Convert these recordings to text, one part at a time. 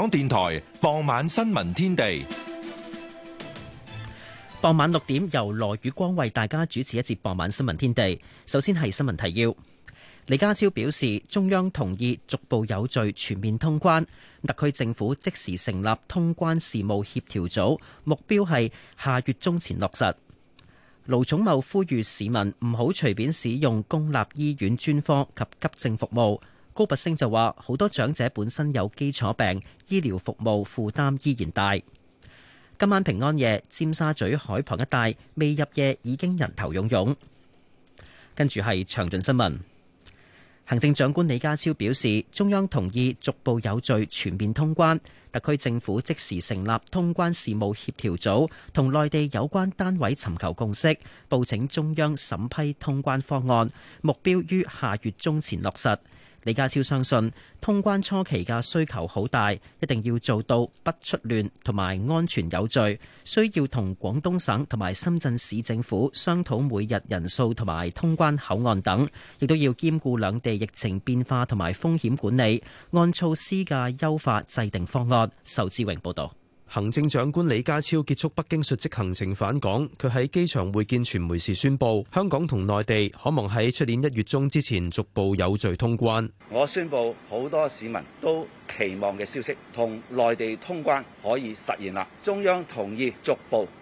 香港電台傍晚新聞天地，傍晚六點由羅宇光為大家主持一節傍晚新聞天地。首先係新聞提要，李家超表示中央同意逐步有序全面通關，特區政府即時成立通關事務協調組，目標係下月中前落實。盧寵茂呼籲市民唔好隨便使用公立醫院專科及急症服務。高拔升就話，好多長者本身有基礎病，醫療服務負擔依然大。今晚平安夜，尖沙咀海旁一帶未入夜已經人頭湧湧。跟住係詳盡新聞，行政長官李家超表示，中央同意逐步有序全面通關，特區政府即時成立通關事務協調組，同內地有關單位尋求共識，報請中央審批通關方案，目標於下月中前落實。李家超相信通關初期嘅需求好大，一定要做到不出亂同埋安全有序，需要同廣東省同埋深圳市政府商討每日人數同埋通關口岸等，亦都要兼顧兩地疫情變化同埋風險管理，按措施嘅優化制定方案。仇志榮報道。行政長官李家超結束北京述職行程返港，佢喺機場會見傳媒時宣布，香港同內地可望喺出年一月中之前逐步有序通關。我宣布好多市民都期望嘅消息，同內地通關可以實現啦。中央同意逐步。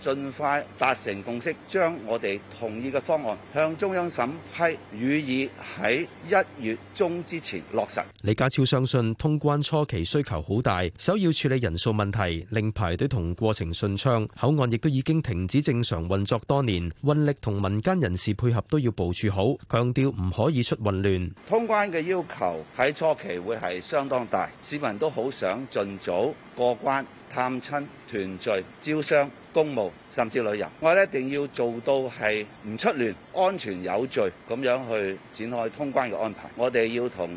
盡快達成共識，將我哋同意嘅方案向中央審批，予以喺一月中之前落實。李家超相信通關初期需求好大，首要處理人數問題，令排隊同過程順暢。口岸亦都已經停止正常運作多年，運力同民間人士配合都要部署好，強調唔可以出混亂。通關嘅要求喺初期會係相當大，市民都好想盡早過關探親團聚招商、公務，甚至旅遊，我哋一定要做到係唔出亂，安全有序咁樣去展開通關嘅安排。我哋要同。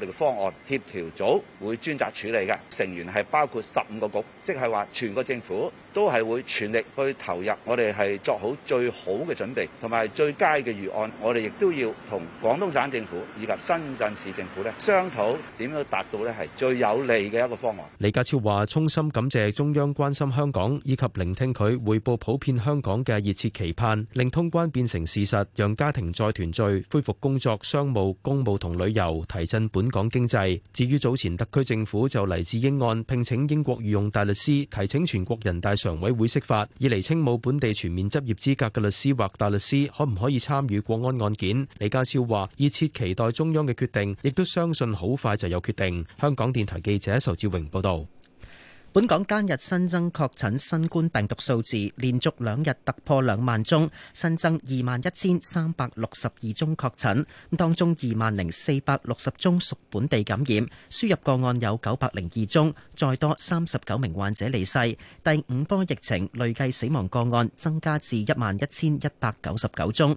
我哋嘅方案協調組會專責處理嘅，成員係包括十五個局，即係話全個政府。都係會全力去投入，我哋係做好最好嘅準備，同埋最佳嘅預案。我哋亦都要同廣東省政府以及深圳市政府呢商討點樣達到呢係最有利嘅一個方案。李家超話：衷心感謝中央關心香港，以及聆聽佢匯報普遍香港嘅熱切期盼，令通關變成事實，讓家庭再團聚，恢復工作、商務、公務同旅遊，提振本港經濟。至於早前特區政府就黎智英案聘請英國御用大律師，提請全國人大。常委會釋法，以釐清冇本地全面執業資格嘅律師或大律師可唔可以參與國安案件？李家超話，熱切期待中央嘅決定，亦都相信好快就有決定。香港電台記者仇志榮報道。本港單日新增確診新冠病毒數字，連續兩日突破兩萬宗，新增二萬一千三百六十二宗確診，咁當中二萬零四百六十宗屬本地感染，輸入個案有九百零二宗，再多三十九名患者離世，第五波疫情累計死亡個案增加至一萬一千一百九十九宗。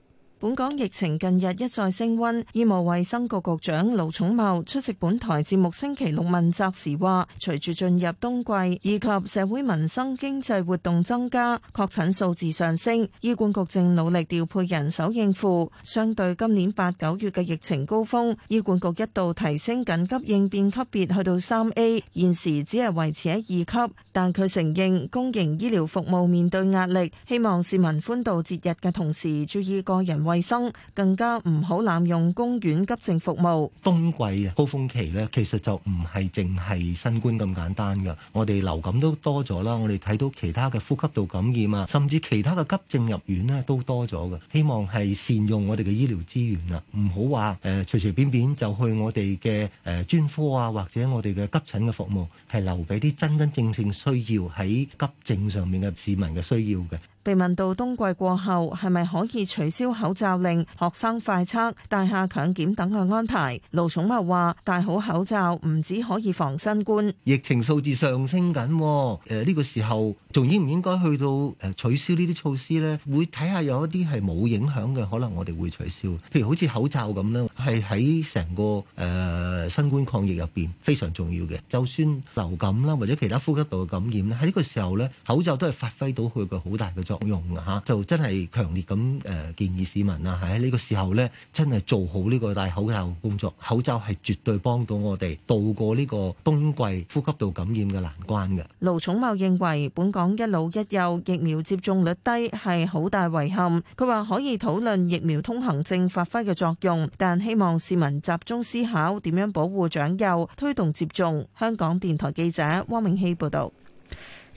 本港疫情近日一再升溫，醫務衛生局局長盧寵茂出席本台節目星期六問責時話，隨住進入冬季以及社會民生經濟活動增加，確診數字上升，醫管局正努力調配人手應付。相對今年八九月嘅疫情高峰，醫管局一度提升緊急應變級別去到三 A，現時只係維持喺二級。但佢承認公營醫療服務面對壓力，希望市民歡度節日嘅同時，注意個人。衛生更加唔好濫用公院急症服務。冬季高峰期呢，其實就唔係淨係新冠咁簡單噶。我哋流感都多咗啦，我哋睇到其他嘅呼吸道感染啊，甚至其他嘅急症入院呢，都多咗嘅。希望係善用我哋嘅醫療資源啦，唔好話誒，隨隨便便便就去我哋嘅誒專科啊，或者我哋嘅急診嘅服務，係留俾啲真真正正需要喺急症上面嘅市民嘅需要嘅。被問到冬季過後係咪可以取消口罩令、學生快測、大廈強檢等嘅安排，盧寵茂話：戴好口罩唔止可以防新冠，疫情數字上升緊，誒、這、呢個時候仲應唔應該去到誒取消呢啲措施呢？會睇下有一啲係冇影響嘅，可能我哋會取消。譬如好似口罩咁呢，係喺成個誒、呃、新冠抗疫入邊非常重要嘅。就算流感啦或者其他呼吸道嘅感染，喺呢個時候呢，口罩都係發揮到佢個好大嘅。作用啊！嚇，就真係強烈咁誒建議市民啊，喺呢個時候咧，真係做好呢個戴口罩工作。口罩係絕對幫到我哋渡過呢個冬季呼吸道感染嘅難關嘅。盧寵茂認為，本港一老一幼疫苗接種率低係好大遺憾。佢話可以討論疫苗通行證發揮嘅作用，但希望市民集中思考點樣保護長幼，推動接種。香港電台記者汪永希報道。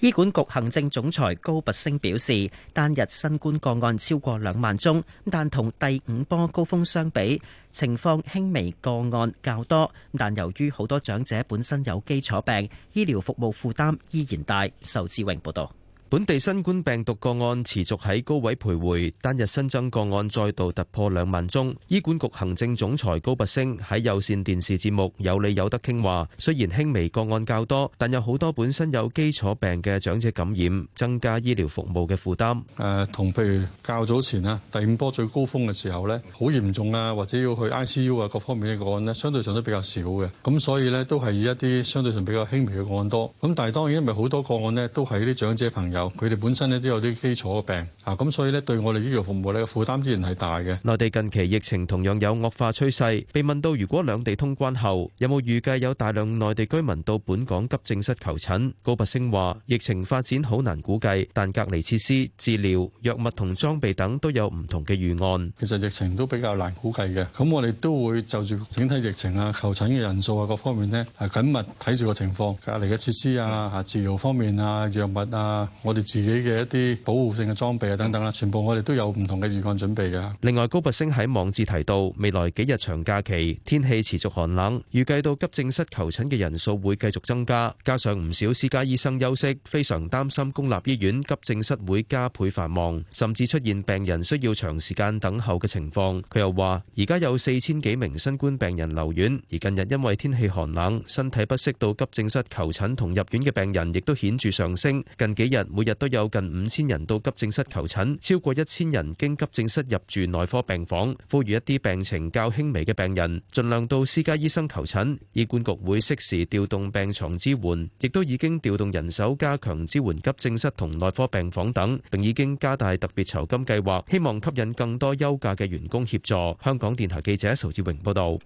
醫管局行政總裁高拔升表示，單日新冠個案超過兩萬宗，但同第五波高峰相比，情況輕微個案較多。但由於好多長者本身有基礎病，醫療服務負擔依然大。仇志榮報道。本地新冠病毒個案持續喺高位徘徊，單日新增個案再度突破兩萬宗。醫管局行政總裁高拔升喺有線電視節目《有理有得傾》話，雖然輕微個案較多，但有好多本身有基礎病嘅長者感染，增加醫療服務嘅負擔。誒、呃，同譬如較早前啊，第五波最高峰嘅時候咧，好嚴重啊，或者要去 I C U 啊，各方面嘅個案咧，相對上都比較少嘅。咁所以咧，都係以一啲相對上比較輕微嘅個案多。咁但係當然，因為好多個案咧，都係啲長者朋友。佢哋本身咧都有啲基礎嘅病啊，咁所以咧對我哋醫療服務咧負擔依然係大嘅。內地近期疫情同樣有惡化趨勢。被問到如果兩地通關後，有冇預計有大量內地居民到本港急症室求診？高拔陞話：疫情發展好難估計，但隔離設施、治療、藥物同裝備等都有唔同嘅預案。其實疫情都比較難估計嘅，咁我哋都會就住整體疫情啊、求診嘅人數啊各方面呢，係緊密睇住個情況，隔離嘅設施啊、啊治療方面啊、藥物啊。我哋自己嘅一啲保護性嘅裝備啊，等等啦，全部我哋都有唔同嘅預案準備嘅。另外，高拔陞喺網誌提到，未來幾日長假期天氣持續寒冷，預計到急症室求診嘅人數會繼續增加，加上唔少私家醫生休息，非常擔心公立醫院急症室會加倍繁忙，甚至出現病人需要長時間等候嘅情況。佢又話而家有四千幾名新冠病人留院，而近日因為天氣寒冷，身體不適到急症室求診同入院嘅病人亦都顯著上升。近幾日每日都有近五千人到急症室求診，超過一千人經急症室入住內科病房。呼籲一啲病情較輕微嘅病人，盡量到私家醫生求診。醫管局會適時調動病床支援，亦都已經調動人手加強支援急症室同內科病房等，並已經加大特別酬金計劃，希望吸引更多休假嘅員工協助。香港電台記者仇志榮報道。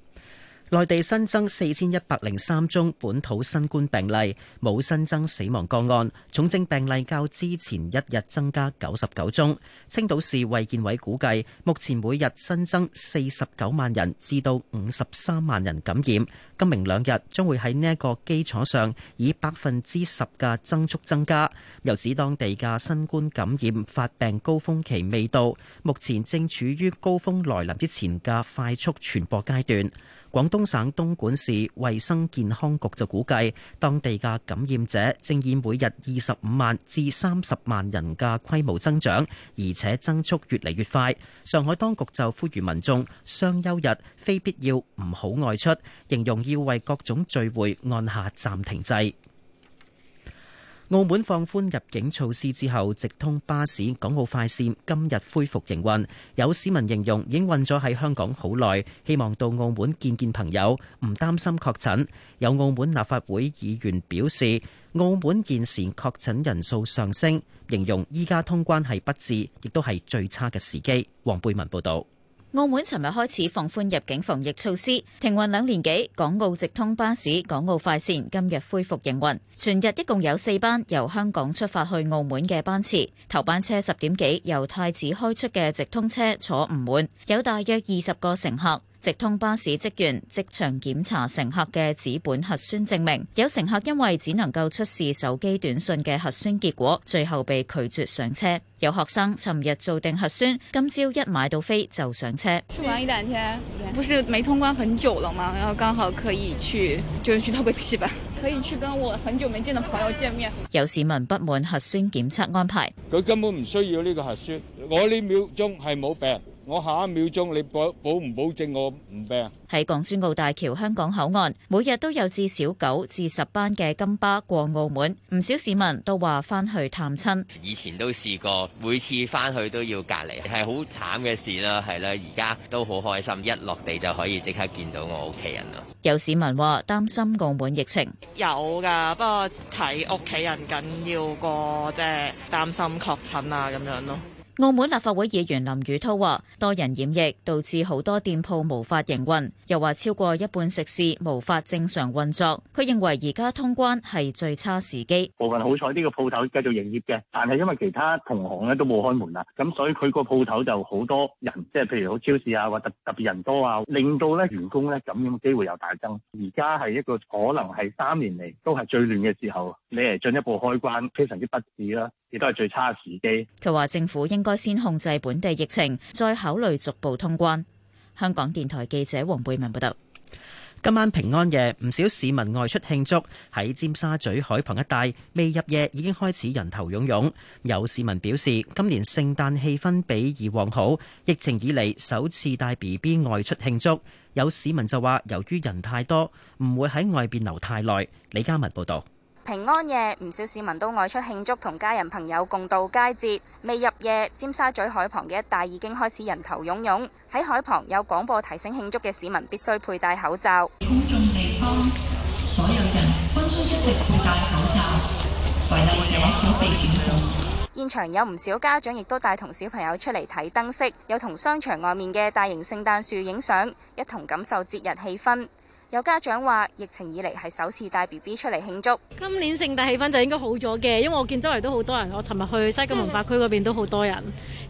內地新增四千一百零三宗本土新冠病例，冇新增死亡個案，重症病例較之前一日增加九十九宗。青島市衛健委估計，目前每日新增四十九萬人至到五十三萬人感染，今明兩日將會喺呢一個基礎上以百分之十嘅增速增加。又指當地嘅新冠感染發病高峰期未到，目前正處於高峰來臨之前嘅快速傳播階段。廣東省東莞市衛生健康局就估計，當地嘅感染者正以每日二十五萬至三十萬人嘅規模增長，而且增速越嚟越快。上海當局就呼籲民眾雙休日非必要唔好外出，形容要為各種聚會按下暫停掣。澳門放寬入境措施之後，直通巴士、港澳快線今日恢復營運。有市民形容，已經困咗喺香港好耐，希望到澳門見見朋友，唔擔心確診。有澳門立法會議員表示，澳門現時確診人數上升，形容依家通關係不智，亦都係最差嘅時機。黃貝文報道。澳門尋日開始放寬入境防疫措施，停運兩年幾，港澳直通巴士、港澳快線今日恢復營運。全日一共有四班由香港出發去澳門嘅班次，頭班車十點幾由太子開出嘅直通車坐唔滿，有大約二十個乘客。直通巴士職員即場檢查乘客嘅紙本核酸證明，有乘客因為只能夠出示手機短信嘅核酸結果，最後被拒絕上車。有學生尋日做定核酸，今朝一買到飛就上車。去玩一兩天，不是沒通關很久了嗎？然後剛好可以去，就去透個氣吧，可以去跟我很久沒見的朋友見面。有市民不滿核酸檢測安排，佢根本唔需要呢個核酸，我呢秒鐘係冇病。我下一秒鐘，你保保唔保證我唔病？喺港珠澳大橋香港口岸，每日都有至少九至十班嘅金巴過澳門。唔少市民都話翻去探親，以前都試過，每次翻去都要隔離，係好慘嘅事啦，係啦。而家都好開心，一落地就可以即刻見到我屋企人咯。有市民話擔心澳門疫情，有㗎，不過睇屋企人緊要過，即係擔心確診啊咁樣咯。澳門立法會議員林宇滔話：多人染疫，導致好多店鋪無法營運，又話超過一半食肆無法正常運作。佢認為而家通關係最差時機。部分好彩呢個鋪頭繼續營業嘅，但係因為其他同行咧都冇開門啦，咁所以佢個鋪頭就好多人，即係譬如好超市啊或特特別人多啊，令到咧員工咧咁樣嘅機會又大增。而家係一個可能係三年嚟都係最亂嘅時候，你嚟進一步開關，非常之不智啦，亦都係最差嘅時機。佢話政府應該。該先控制本地疫情，再考慮逐步通關。香港電台記者黃貝文報道：今晚平安夜，唔少市民外出慶祝，喺尖沙咀海旁一帶，未入夜已經開始人頭湧湧。有市民表示，今年聖誕氣氛比以往好，疫情以嚟首次帶 BB 外出慶祝。有市民就話，由於人太多，唔會喺外邊留太耐。李家文報道。平安夜，唔少市民都外出慶祝，同家人朋友共度佳節。未入夜，尖沙咀海旁嘅一帶已經開始人頭湧湧。喺海旁有廣播提醒慶祝嘅市民必須佩戴口罩。公眾地方，所有人必須一直佩戴口罩。現場有唔少家長亦都帶同小朋友出嚟睇燈飾，有同商場外面嘅大型聖誕樹影相，一同感受節日氣氛。有家長話：疫情以嚟係首次帶 B B 出嚟慶祝。今年聖誕氣氛就應該好咗嘅，因為我見周圍都好多人。我尋日去西九文化區嗰邊都好多人，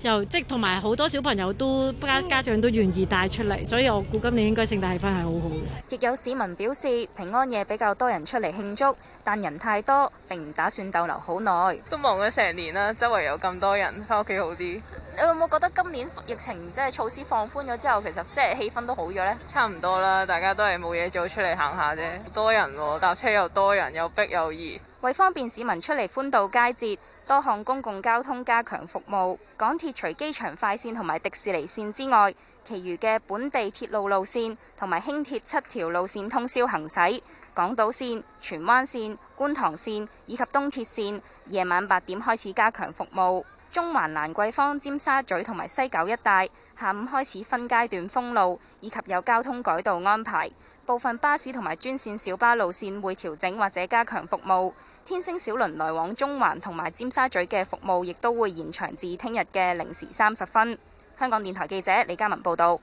又即係同埋好多小朋友都家家長都願意帶出嚟，所以我估今年應該聖誕氣氛係好好。亦有市民表示，平安夜比較多人出嚟慶祝，但人太多並唔打算逗留好耐。都忙咗成年啦，周圍有咁多人，翻屋企好啲。你有冇覺得今年疫情即係措施放寬咗之後，其實即係氣氛都好咗呢？差唔多啦，大家都係冇嘢做，出嚟行下啫。多人喎，搭車又多人，又逼又熱。為方便市民出嚟歡度佳節，多項公共交通加強服務。港鐵除機場快線同埋迪士尼線之外，其餘嘅本地鐵路路線同埋輕鐵七條路線通宵行駛，港島線、荃灣線、觀塘線以及東鐵線夜晚八點開始加強服務。中環蘭桂坊、尖沙咀同埋西九一帶，下午開始分階段封路，以及有交通改道安排。部分巴士同埋專線小巴路線會調整或者加強服務。天星小輪來往中環同埋尖沙咀嘅服務，亦都會延長至聽日嘅零時三十分。香港電台記者李嘉文報道。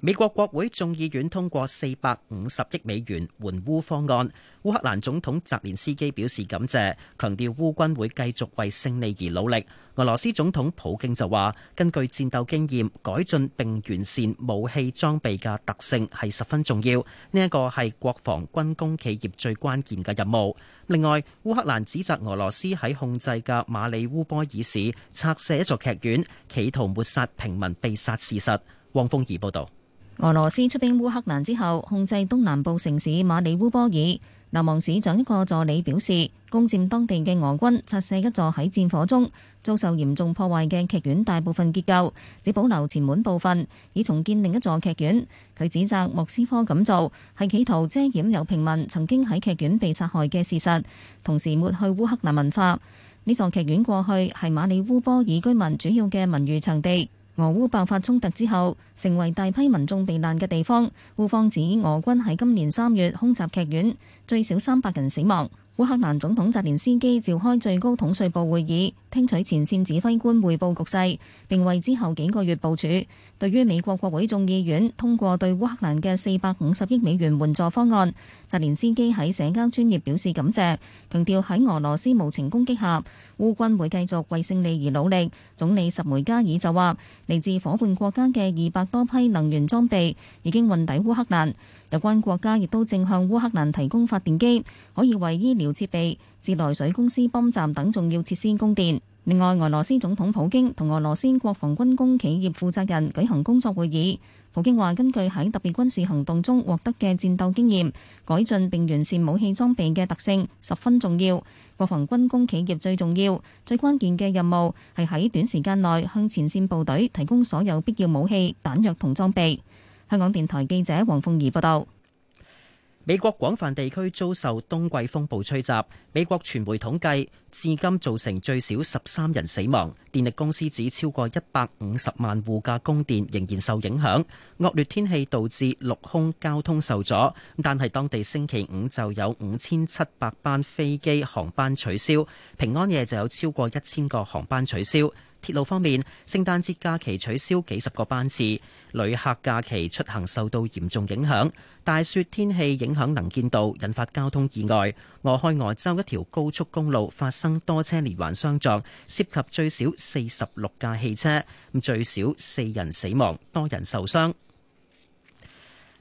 美國國會眾議院通過四百五十億美元援烏方案。烏克蘭總統澤連斯基表示感謝，強調烏軍會繼續為勝利而努力。俄羅斯總統普京就話：根據戰鬥經驗，改進並完善武器裝備嘅特性係十分重要。呢一個係國防軍工企業最關鍵嘅任務。另外，烏克蘭指責俄羅斯喺控制嘅馬里烏波爾市拆卸一座劇院，企圖抹殺平民被殺事實。汪峰儀報導。俄羅斯出兵烏克蘭之後，控制東南部城市馬里烏波爾。流亡市長一個助理表示，攻佔當地嘅俄軍拆卸一座喺戰火中遭受嚴重破壞嘅劇院，大部分結構只保留前門部分，以重建另一座劇院。佢指責莫斯科咁做係企圖遮掩有平民曾經喺劇院被殺害嘅事實，同時抹去烏克蘭文化。呢座劇院過去係馬里烏波爾居民主要嘅文娛場地。俄烏爆發衝突之後，成為大批民眾避難嘅地方。烏方指俄軍喺今年三月空襲劇院，最少三百人死亡。烏克蘭總統澤連斯基召開最高統帥部會議，聽取前線指揮官匯報局勢，並為之後幾個月部署。對於美國國會眾議院通過對烏克蘭嘅四百五十億美元援助方案，澤連斯基喺社交專業表示感謝，強調喺俄羅斯無情攻擊下，烏軍會繼續為勝利而努力。總理什梅加爾就話，嚟自伙伴國家嘅二百多批能源裝備已經運抵烏克蘭。有關國家亦都正向烏克蘭提供發電機，可以為醫療設備、自來水公司泵站等重要設施供電。另外，俄羅斯總統普京同俄羅斯國防軍工企業負責人舉行工作會議。普京話：根據喺特別軍事行動中獲得嘅戰鬥經驗，改進並完善武器裝備嘅特性十分重要。國防軍工企業最重要、最關鍵嘅任務係喺短時間內向前線部隊提供所有必要武器、彈藥同裝備。香港電台記者黃鳳儀報道：美國廣泛地區遭受冬季風暴吹襲，美國傳媒統計，至今造成最少十三人死亡。電力公司指超過一百五十萬戶嘅供電仍然受影響。惡劣天氣導致陸空交通受阻，但係當地星期五就有五千七百班飛機航班取消，平安夜就有超過一千個航班取消。鐵路方面，聖誕節假期取消幾十個班次，旅客假期出行受到嚴重影響。大雪天氣影響能見度，引發交通意外。俄亥俄州一條高速公路發生多車連環相撞，涉及最少四十六架汽車，咁最少四人死亡，多人受傷。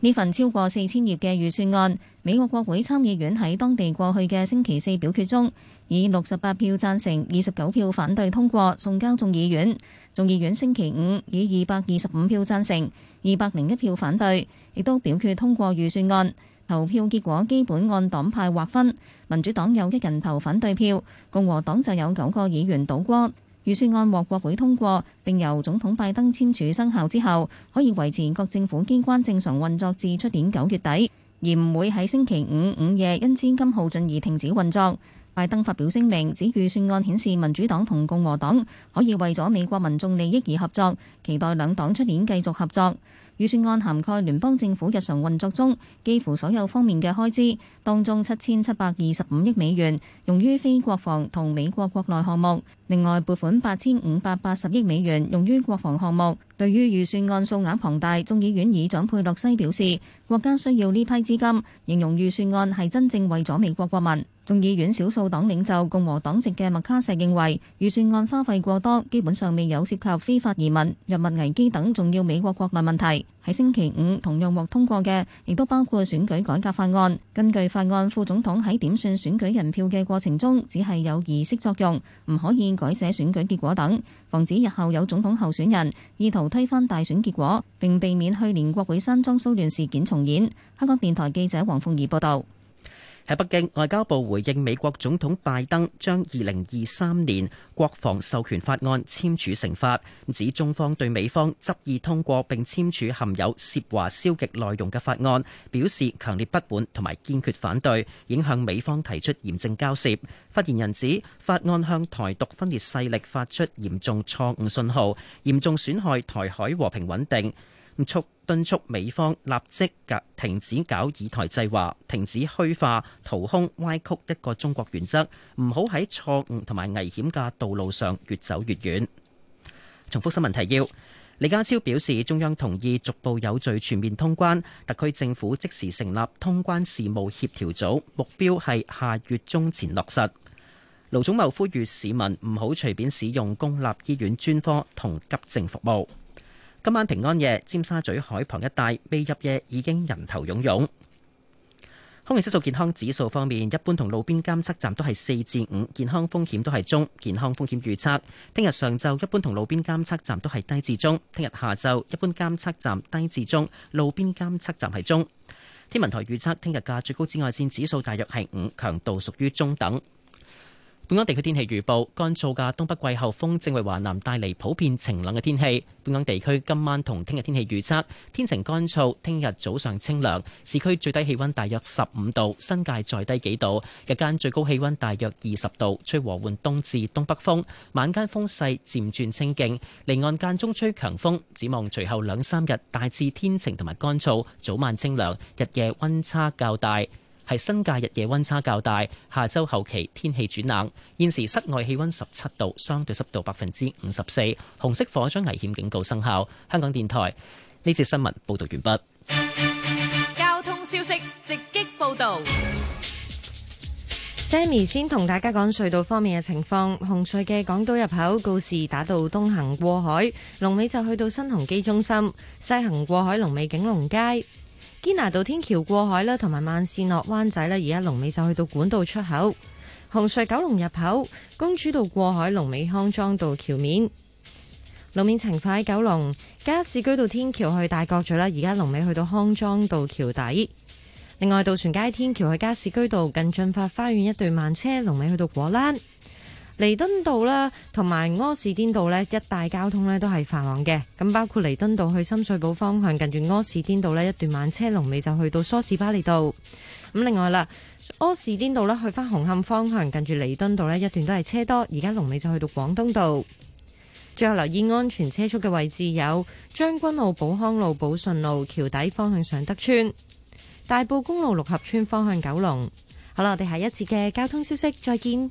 呢份超過四千頁嘅預算案，美國國會參議院喺當地過去嘅星期四表決中，以六十八票贊成、二十九票反對通過送交眾議院。眾議院星期五以二百二十五票贊成、二百零一票反對，亦都表決通過預算案。投票結果基本按黨派劃分，民主黨有一人投反對票，共和黨就有九個議員倒戈。預算案獲國會通過並由總統拜登簽署生效之後，可以維持各政府機關正常運作至出年九月底，而唔會喺星期五午夜因資金耗盡而停止運作。拜登發表聲明指預算案顯示民主黨同共和黨可以為咗美國民眾利益而合作，期待兩黨出年繼續合作。預算案涵蓋聯邦政府日常運作中幾乎所有方面嘅開支，當中七千七百二十五億美元用於非國防同美國國內項目，另外撥款八千五百八十億美元用於國防項目。對於預算案數額龐大，眾議院議長佩洛西表示國家需要呢批資金，形容預算案係真正為咗美國國民。眾議院少數黨領袖共和黨籍嘅麥卡錫認為預算案花費過多，基本上未有涉及非法移民、藥物危機等重要美國國民問題。喺星期五同樣獲通過嘅，亦都包括選舉改革法案。根據法案，副總統喺點算選舉人票嘅過程中，只係有儀式作用，唔可以改寫選舉結果等，防止日後有總統候選人意圖推翻大選結果，並避免去年國會山莊騷亂事件重演。香港電台記者黃鳳儀報導。喺北京，外交部回應美國總統拜登將二零二三年國防授權法案簽署成法，指中方對美方執意通過並簽署含有涉華消極內容嘅法案表示強烈不滿同埋堅決反對，並向美方提出嚴正交涉。發言人指，法案向台獨分裂勢力發出嚴重錯誤信號，嚴重損害台海和平穩定。促敦促美方立即及停止搞以台制華，停止虛化、掏空、歪曲一個中國原則，唔好喺錯誤同埋危險嘅道路上越走越遠。重複新聞提要：李家超表示，中央同意逐步有序全面通關，特區政府即時成立通關事務協調組，目標係下月中前落實。盧寵茂呼籲市民唔好隨便使用公立醫院專科同急症服務。今晚平安夜，尖沙咀海旁一帶未入夜已經人頭湧湧。空氣質素健康指數方面，一般同路邊監測站都係四至五，健康風險都係中。健康風險預測，聽日上晝一般同路邊監測站都係低至中，聽日下晝一般監測站低至中，路邊監測站係中。天文台預測，聽日嘅最高紫外線指數大約係五，強度屬於中等。本港地區天氣預報：乾燥嘅東北季候風正為華南帶嚟普遍晴朗嘅天氣。本港地區今晚同聽日天氣預測：天晴乾燥，聽日早上清涼，市區最低氣温大約十五度，新界再低幾度，日間最高氣温大約二十度，吹和緩東至東北風，晚間風勢漸轉清勁，離岸間中吹強風。指望隨後兩三日大致天晴同埋乾燥，早晚清涼，日夜温差較大。係新界日夜温差較大，下周後期天氣轉冷。現時室外氣温十七度，相對濕度百分之五十四。紅色火災危險警告生效。香港電台呢節新聞報道完畢。交通消息直擊報導。Sammy 先同大家講隧道方面嘅情況。紅隧嘅港島入口告示打到東行過海，龍尾就去到新鴻基中心；西行過海龍尾景隆街。堅拿道天橋過海啦，同埋萬線落灣仔啦，而家龍尾就去到管道出口。紅隧九龍入口，公主道過海龍尾康莊道橋面路面情況喺九龍加士居道天橋去大角咀啦，而家龍尾去到康莊道橋底。另外，渡船街天橋去加士居道近駿發花園一段慢車龍尾去到果欄。彌敦道啦，同埋柯士甸道呢，一帶交通呢都係繁忙嘅。咁包括彌敦道去深水埗方向，近住柯士甸道呢一段慢車龍尾就去到梳士巴利道。咁另外啦，柯士甸道呢去返紅磡方向，近住彌敦道呢一段都係車多，而家龍尾就去到廣東道。最後留意安全車速嘅位置有將軍澳寶康路、寶順路、橋底方向上德村、大埔公路六合村方向九龍。好啦，我哋下一節嘅交通消息再見。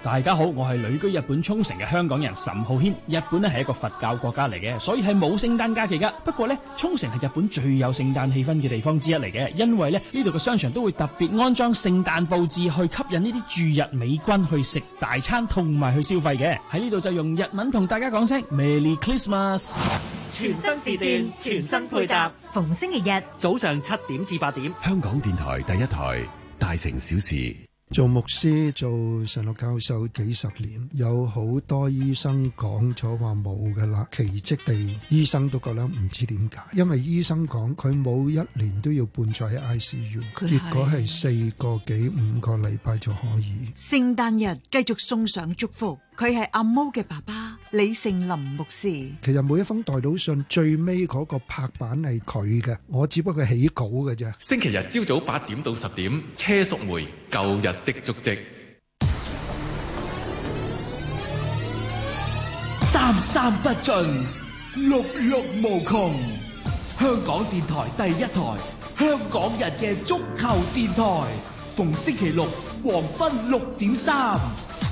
大家好，我係旅居日本沖繩嘅香港人岑浩軒。日本呢係一個佛教國家嚟嘅，所以係冇聖誕假期噶。不過呢，沖繩係日本最有聖誕氣氛嘅地方之一嚟嘅，因為呢呢度嘅商場都會特別安裝聖誕布置去吸引呢啲駐日美軍去食大餐同埋去消費嘅。喺呢度就用日文同大家講聲 Merry Christmas。全新時段，全新配搭，逢星期日早上七點至八點，香港電台第一台《大城小事》。做牧師做神學教授，幾十年，有好多醫生講咗話冇噶啦，奇跡地醫生都覺得唔知點解，因為醫生講佢冇一年都要半載喺 I C U，結果係四個幾五個禮拜就可以。聖是誕日繼續送上祝福。佢係阿毛嘅爸爸李盛林牧師。其實每一封代禱信最尾嗰個拍板係佢嘅，我只不過係起稿㗎啫。星期日朝早八點到十點，車淑梅，舊日的足跡。三三不盡，六六無窮。香港電台第一台，香港人嘅足球電台，逢星期六黃昏六點三。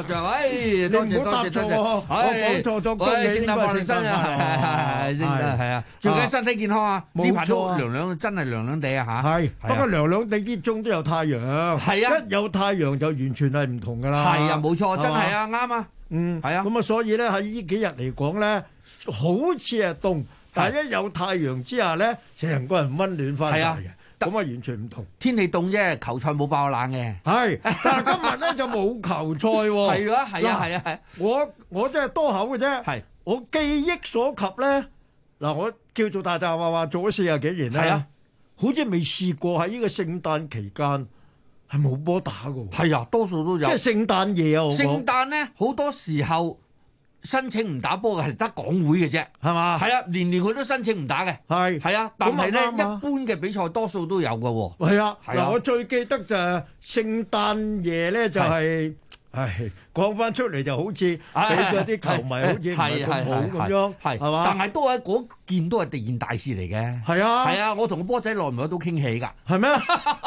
哎，冇答錯喎，我講錯咗，多謝先打過嚟先啊，係係係啊，祝佢身體健康啊，冇錯，涼涼真係涼涼地啊嚇，係，不過涼涼地之中都有太陽，係啊，一有太陽就完全係唔同噶啦，係啊，冇錯，真係啊，啱啊，嗯，係啊，咁啊，所以咧喺呢幾日嚟講咧，好似係凍，但係一有太陽之下咧，成個人溫暖翻曬嘅。咁啊，完全唔同。天氣凍啫，球賽冇爆冷嘅。係，但係今日咧 就冇球賽喎。係啊，係 啊，係啊，係、啊啊啊。我我真係多口嘅啫。係是。我記憶所及咧，嗱，我叫做大大話話做咗四十幾年啦。係啊。好似未試過喺呢個聖誕期間係冇波打嘅。係啊，多數都有。即係聖誕夜啊！我。聖誕咧，好多時候。申請唔打波嘅係得港會嘅啫，係嘛？係啊，年年佢都申請唔打嘅。係係啊，但係咧，一般嘅比賽多數都有㗎。係啊，嗱，我最記得就聖誕夜咧，就係，唉，講翻出嚟就好似俾嗰啲球迷好似唔好咁樣，係係嘛？但係都係嗰件都係突然大事嚟嘅。係啊，係啊，我同個波仔耐唔耐都傾起噶。係咩？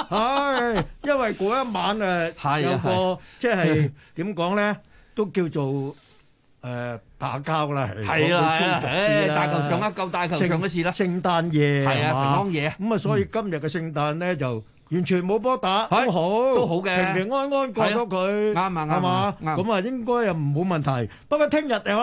唉，因為嗰一晚誒，有個即係點講咧，都叫做。誒打交啦，嗰啲粗俗啲啦，大球場啦夠大球場嘅事啦，聖誕夜係嘛，平安夜。咁啊所以今日嘅聖誕咧就完全冇波打都好，都好嘅，平平安安過咗佢。啱啊，係嘛，咁啊應該又唔冇問題，不過聽日又。